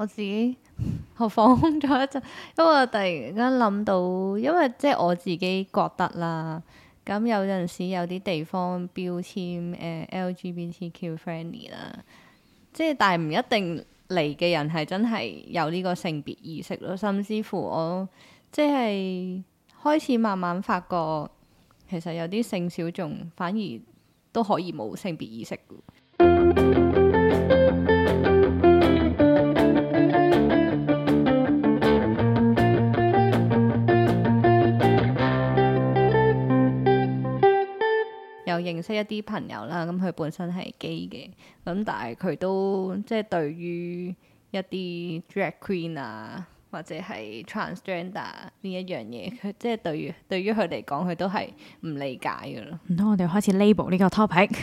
我自己我放空咗一陣，因為我突然間諗到，因為即係我自己覺得啦。咁有陣時有啲地方標籤誒 LGBTQ friendly 啦，即係但係唔一定嚟嘅人係真係有呢個性別意識咯。甚至乎我即係開始慢慢發覺，其實有啲性小眾反而都可以冇性別意識。又認識一啲朋友啦，咁佢本身係 gay 嘅，咁但係佢都即係對於一啲 drag queen 啊，或者係 transgender 呢一樣嘢，佢即係對於對於佢嚟講，佢都係唔理解㗎喇。唔通我哋開始 label 呢個 topic，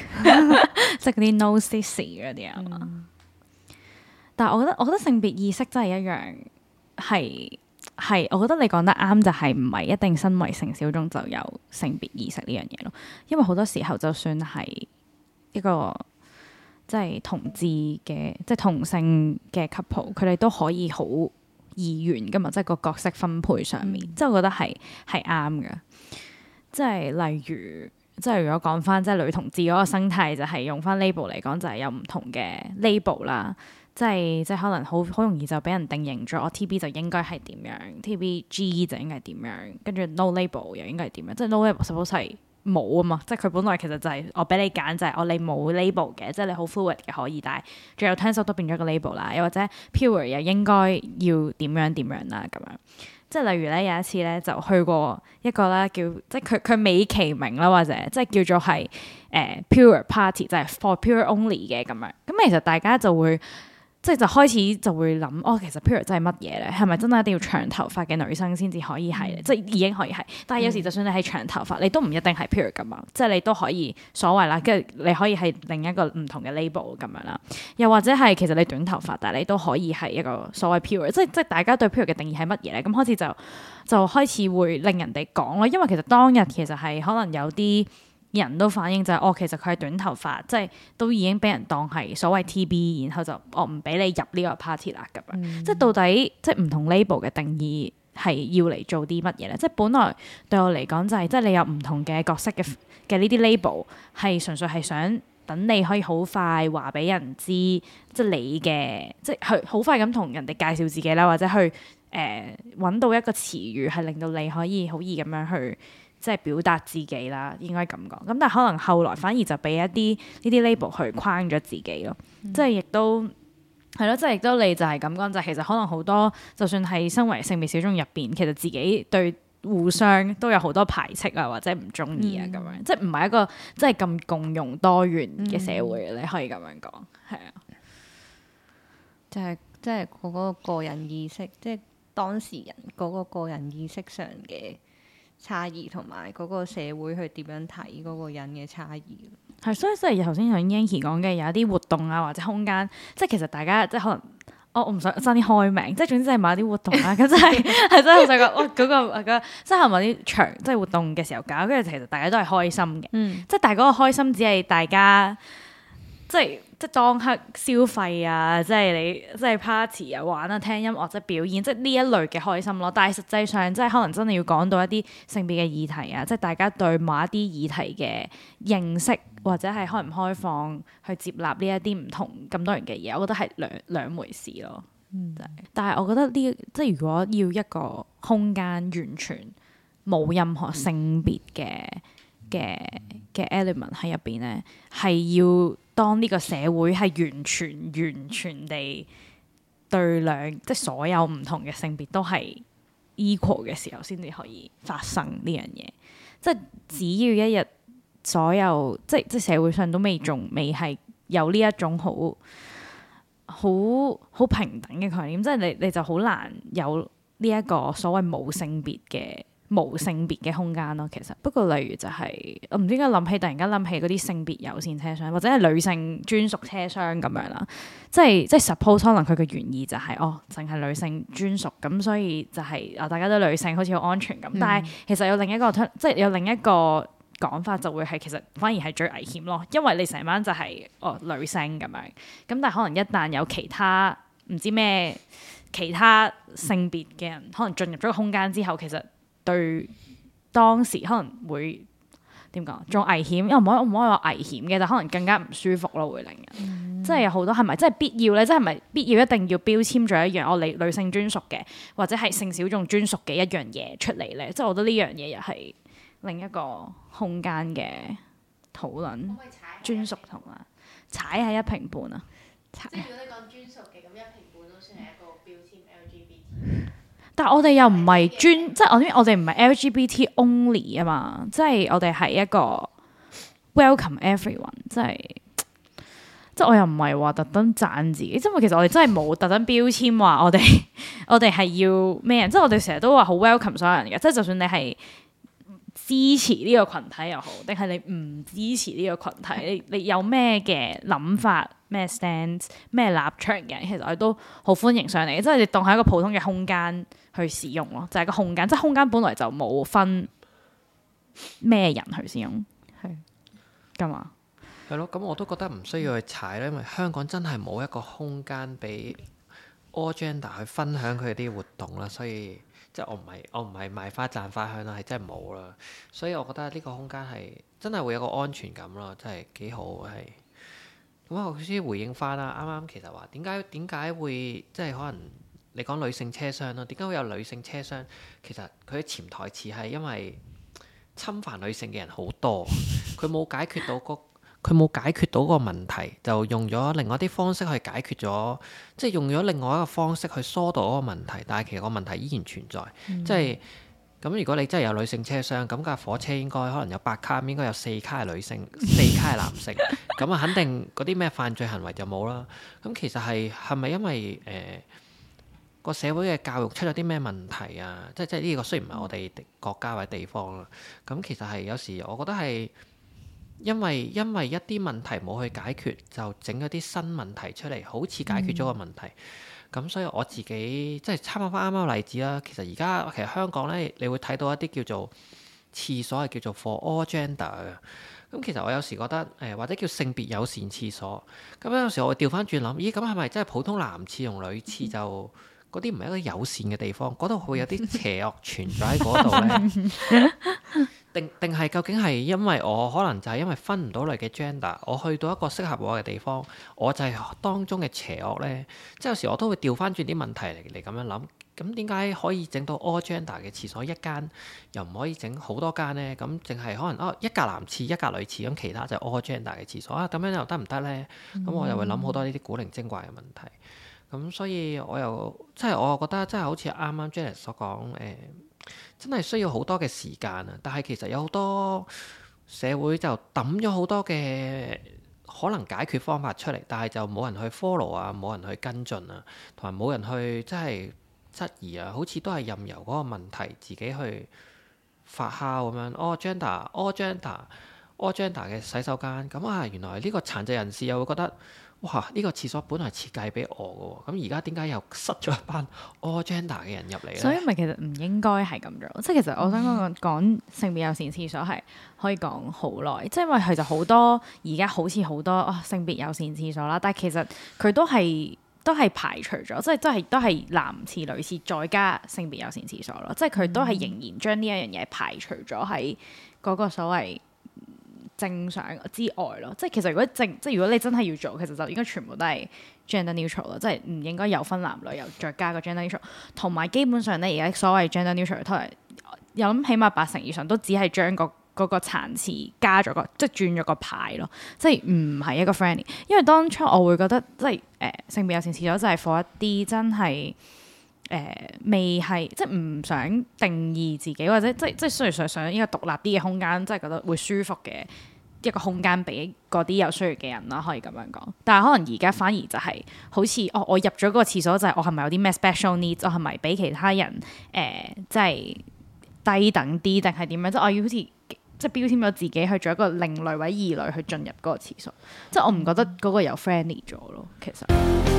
識啲 no sexy 嗰啲啊？嗯、但係我覺得我覺得性別意識真係一樣係。係，我覺得你講得啱，就係唔係一定身為性小眾就有性別意識呢樣嘢咯？因為好多時候，就算係一個即係同志嘅，即係同性嘅 couple，佢哋都可以好二元㗎嘛，即係個角色分配上面，嗯、即係我覺得係係啱嘅。即係例如，即係如果講翻即係女同志嗰個生態，嗯、就係用翻 label 嚟講，就係、是、有唔同嘅 label 啦。即係即係可能好好容易就俾人定型咗，我 T.B. 就應該係點樣，T.B.G. 就應該係點樣，跟住 no label 又應該係點樣？即係 no label suppose 係冇啊嘛，即係佢本來其實就係我俾你揀，就係、是、我你冇 label 嘅，即係你好 fluid 嘅可以，但係最後 tensile 都變咗個 label 啦，又或者 pure 又應該要點樣點樣啦咁樣。即係例如咧有一次咧就去過一個啦，叫即係佢佢美其名啦，或者即係叫做係誒、呃、pure party，就係 for pure only 嘅咁樣。咁其實大家就會。即係就開始就會諗，哦其實 pure 真係乜嘢咧？係咪真係一定要長頭髮嘅女生先至可以係？嗯、即係已經可以係，但係有時就算你係長頭髮，你都唔一定係 pure 噶嘛。即係你都可以所謂啦，跟住你可以係另一個唔同嘅 label 咁樣啦。又或者係其實你短頭髮，但係你都可以係一個所謂 pure。即係即係大家對 pure 嘅定義係乜嘢咧？咁開始就就開始會令人哋講咯。因為其實當日其實係可能有啲。人都反映就係，哦，其實佢係短頭髮，即係都已經俾人當係所謂 TB，然後就我唔俾你入呢個 party 啦咁樣。即係到底即係唔同 label 嘅定義係要嚟做啲乜嘢咧？即係本來對我嚟講就係，即係你有唔同嘅角色嘅嘅呢啲 label，係純粹係想等你可以好快話俾人知，即係你嘅，即係去好快咁同人哋介紹自己啦，或者去誒揾到一個詞語係令到你可以好易咁樣去。即係表達自己啦，應該咁講。咁但係可能後來反而就俾一啲呢啲 label 去框咗自己咯。嗯、即係亦都係咯，即係亦都你就係咁講，就其實可能好多，就算係身為性別小眾入邊，其實自己對互相都有好多排斥啊，或者唔中意啊咁、嗯、樣。即係唔係一個即係咁共融多元嘅社會？嗯、你可以咁樣講，係啊、就係。就係即係嗰個個人意識，即、就、係、是、當事人嗰個個人意識上嘅。差異同埋嗰個社會去點樣睇嗰個人嘅差異咯，係，所以即係頭先像 Yenki 講嘅，有一啲活動啊或者空間，即係其實大家即係可能，哦、我我唔想爭啲開名，即係總之即係買啲活動啦，咁真係係真係想講哇嗰個個即係行埋啲場，即係活動嘅時候搞，跟住其實大家都係開心嘅，嗯、即係但係嗰個開心只係大家即係。即當刻消費啊，即係你即係 party 啊、玩啊、聽音樂即係表演，即呢一類嘅開心咯。但係實際上，即係可能真係要講到一啲性別嘅議題啊，即係大家對某一啲議題嘅認識或者係開唔開放去接納呢一啲唔同咁多人嘅嘢，我覺得係兩兩回事咯。嗯，就係，但係我覺得呢，即係如果要一個空間完全冇任何性別嘅嘅。嘅 element 喺入邊咧，係要當呢個社會係完全完全地對兩即係所有唔同嘅性別都係 equal 嘅時候，先至可以發生呢樣嘢。即係只要一日所有即係即係社會上都未仲未係有呢一種好好好平等嘅概念，即係你你就好難有呢一個所謂冇性別嘅。無性別嘅空間咯，其實不過例如就係，我唔知點解諗起，突然間諗起嗰啲性別友善車廂，或者係女性專屬車廂咁樣啦。即係即係 suppose 可能佢嘅原意就係，哦，淨係女性專屬，咁所以就係啊大家都女性好似好安全咁。但係其實有另一個，嗯、即係有另一個講法，就會係其實反而係最危險咯，因為你成晚就係，哦，女性咁樣，咁但係可能一旦有其他唔知咩其他性別嘅人可能進入咗個空間之後，其實。對，當時可能會點講，仲危險，又唔可以唔可以話危險嘅，就可能更加唔舒服咯，會令人，即係、嗯、有好多係咪，即係必要咧？即係咪必要一定要標籤咗一樣我女女性專屬嘅，或者係性小眾專屬嘅一樣嘢出嚟咧？即係我覺得呢樣嘢又係另一個空間嘅討論，可可專屬同啊，踩喺一平半啊，即係如果你講專屬嘅咁一平半都算係一個標籤 LGBT。 但我哋又唔係專，Yeah. 即係我呢？我哋唔係 LGBT only 啊嘛，即係我哋係一個 welcome everyone，即係即係我又唔係話特登讚自己，即係其實我哋真係冇特登標籤話我哋我哋係要咩人，即係我哋成日都話好 welcome 所有人嘅，即係就算你係。支持呢個群體又好，定係你唔支持呢個群體？你你有咩嘅諗法？咩 stands 咩立場嘅？其實我都好歡迎上嚟，即係你當係一個普通嘅空間去使用咯，就係、是、個空間。即、就、係、是、空間本來就冇分咩人去使用，係咁嘛？係咯，咁我都覺得唔需要去踩啦，因為香港真係冇一個空間俾 agenda 去分享佢啲活動啦，所以。即係我唔係我唔係賣花讚花香啦，係真係冇啦。所以我覺得呢個空間係真係會有個安全感咯，真係幾好。係咁我先回應翻啦。啱啱其實話點解點解會即係可能你講女性車廂啦，點解會有女性車廂？其實佢嘅潛台詞係因為侵犯女性嘅人好多，佢冇解決到個。佢冇解決到個問題，就用咗另外一啲方式去解決咗，即係用咗另外一個方式去疏導嗰個問題，但係其實個問題依然存在。嗯、即係咁，如果你真係有女性車廂，咁架火車應該可能有八卡，應該有四卡係女性，四卡係男性，咁啊，肯定嗰啲咩犯罪行為就冇啦。咁其實係係咪因為誒個、呃、社會嘅教育出咗啲咩問題啊？即係即係呢個，雖然唔係我哋國家或者地方啦，咁、嗯、其實係有時我覺得係。因為因為一啲問題冇去解決，就整咗啲新問題出嚟，好似解決咗個問題。咁、嗯、所以我自己即係參考翻啱啱個例子啦。其實而家其實香港咧，你會睇到一啲叫做廁所係叫做 for all gender 嘅。咁其實我有時覺得誒、呃，或者叫性別友善廁所。咁有時我會調翻轉諗，咦？咁係咪真係普通男廁同女廁就嗰啲唔係一個友善嘅地方？嗰度會有啲邪惡存在喺嗰度咧？ 定定係究竟係因為我可能就係因為分唔到類嘅 gender，我去到一個適合我嘅地方，我就係當中嘅邪惡呢。即係有時我都會調翻轉啲問題嚟嚟咁樣諗。咁點解可以整到 all gender 嘅廁所一間又唔可以整好多間呢？咁淨係可能哦，一格男廁一格女廁，咁其他就 all gender 嘅廁所啊，咁樣又得唔得呢？咁我又會諗好多呢啲古靈精怪嘅問題。咁所以我又即係我覺得即係好似啱啱 Janice 所講誒。呃真係需要好多嘅時間啊！但係其實有好多社會就揼咗好多嘅可能解決方法出嚟，但係就冇人去 follow 啊，冇人去跟進啊，同埋冇人去即係質疑啊，好似都係任由嗰個問題自己去發酵咁樣。All gender，All gender，All gender 嘅洗手間咁啊，原來呢個殘疾人士又會覺得。哇！呢個廁所本來設計俾我嘅喎，咁而家點解又塞咗一班 all gender 嘅人入嚟咧？所以咪其實唔應該係咁做，即係其實我想講講性別友善廁所係可以講好耐，即係因為佢就好多而家好似好多哦、性別友善廁所啦，但係其實佢都係都係排除咗，即係都係都係男廁女廁再加性別友善廁所咯，即係佢都係仍然將呢一樣嘢排除咗喺嗰個所謂。正常之外咯，即係其實如果正，即係如果你真係要做，其實就應該全部都係 gender neutral 咯，即係唔應該有分男女，又再加個 gender neutral，同埋基本上咧而家所謂 gender neutral，我諗起碼八成以上都只係將個嗰個殘詞加咗個，即係轉咗個牌咯，即係唔係一個 friendly，因為當初我會覺得即係誒、欸、性別友善廁所，就係 for 一啲真係。誒、呃、未係即係唔想定義自己，或者即係即係雖然想想一個獨立啲嘅空間，即係覺得會舒服嘅一個空間俾嗰啲有需要嘅人啦，可以咁樣講。但係可能而家反而就係、是、好似哦，我入咗嗰個廁所就係、是、我係咪有啲咩 special needs？我係咪比其他人誒即係低等啲定係點樣？即係我要好似即係標籤咗自己去做一個另類或者異類去進入嗰個廁所，即係我唔覺得嗰個有 friendly 咗咯，其實。